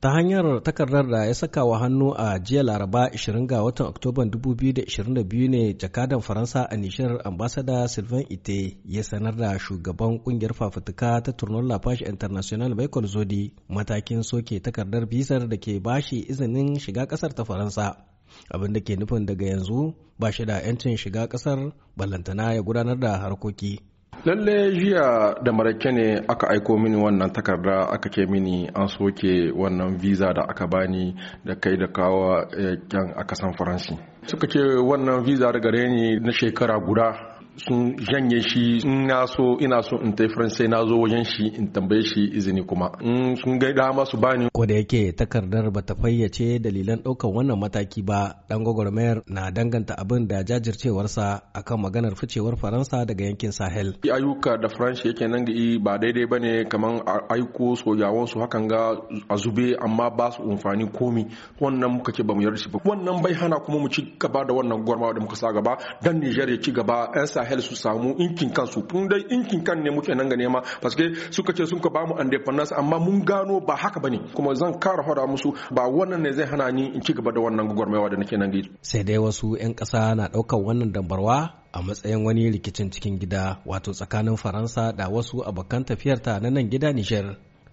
ta hanyar takardar da ya saka wa hannu a jiya laraba 20 ga watan oktoban 2022 ne jakadan faransa a nishiyar ambasada sylvain ite ya sanar da shugaban kungiyar fafutuka ta turnon lafashi international michael zodi matakin soke takardar bisar da ke bashi izinin shiga kasar ta faransa abin da ke nufin daga yanzu ba shi da 'yancin shiga kasar ballantana ya gudanar da harkoki lalle jiya da marake ne aka aiko mini wannan takarda aka ce mini an soke wannan visa da aka bani da kai da kawo eh, kyan a kasan faransi suka ce wannan visa da gare ni na shekara guda sun janye shi in na so ina so in tai faransai na zo wajen shi in tambaye shi izini kuma in sun ga dama su bani ko da yake takardar bata fayyace dalilan ɗaukar wannan mataki ba dan gwagwarmayar na danganta abin da jajircewarsa akan maganar ficewar faransa daga yankin sahel ayyuka da faransa yake nan ga ba daidai bane kaman aiko sojawan su hakan ga a zube amma ba su amfani komi wannan muka ce ba mu yarda shi ba wannan bai hana kuma mu ci gaba da wannan gwarmawa da muka sa gaba dan Niger ya ci gaba 'yan sahel sahel su samu inkin kansu tun dai inkin kan ne muke nan ga nema paske suka ce sun ka bamu independence amma mun gano ba haka bane kuma zan kara hada musu ba wannan ne zai hana ni in ci gaba da wannan gwagwarmaya da nake nan ga sai dai wasu 'yan ƙasa na ɗaukar wannan dambarwa a matsayin wani rikicin cikin gida wato tsakanin faransa da wasu abokan tafiyarta na nan gida nishar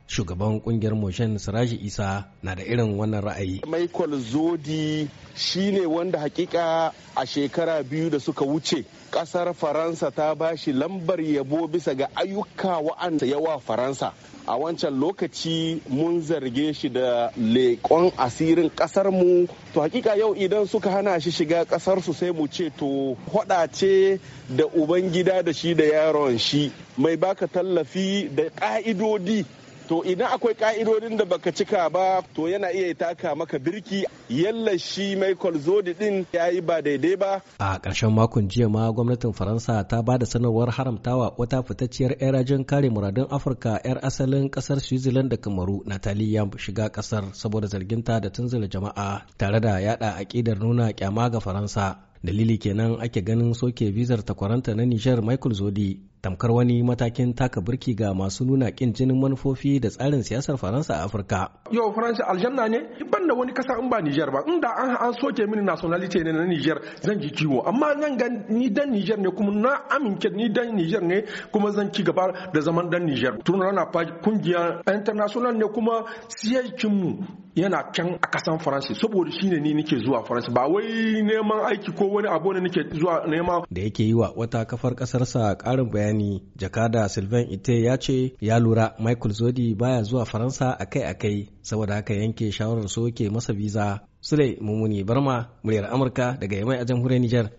shugaban kungiyar moshen siraji isa na da irin wannan ra'ayi michael zodi shine wanda hakika a shekara biyu da suka wuce kasar faransa ta bashi lambar yabo bisa ga ayyuka wa'anda yawa faransa a wancan lokaci mun zarge shi da leƙon asirin mu to hakika yau idan suka hana shi shiga ƙasarsu sai mu ce to hoda ce da ubangida da shi da yaron shi mai baka tallafi da ƙa'idodi to idan akwai ka'idodin da baka cika ba to yana iya taka maka birki yalla shi michael zodi din ya yi ba daidai ba a ƙarshen makon jiya ma gwamnatin faransa ta ba da sanarwar haramtawa wata fitacciyar yar rajin kare muradun afirka yar asalin ƙasar switzerland da kamaru na yam shiga ƙasar saboda zarginta da tunzula jama'a tare da yada aƙidar nuna kyama ga faransa dalili kenan ake ganin soke bizar takwaranta na nijar michael zodi tamkar wani matakin taka birki ga masu nuna kin jinin manufofi da tsarin siyasar Faransa a Afirka. Yau Faransa aljanna ne ban da wani kasa in ba Niger ba inda an an soke mini nationality ne na Niger zan ji ciwo amma nan ga ni dan Niger ne kuma na amince ni dan Niger ne kuma zan ci gaba da zaman dan Niger. Tun rana fa kungiya international ne kuma siyakin mu yana can a kasan Faransa saboda shine ni nake zuwa Faransa ba wai neman aiki ko wani abu ne nake zuwa nema da yake yi wa wata kafar kasarsa karin bayani bayani jakada sylvain ite ya ce ya lura michael zodi baya zuwa faransa akai-akai saboda haka yanke shawarar soke masa visa sule mummuni barma muryar amurka daga yamai a jamhuriyar niger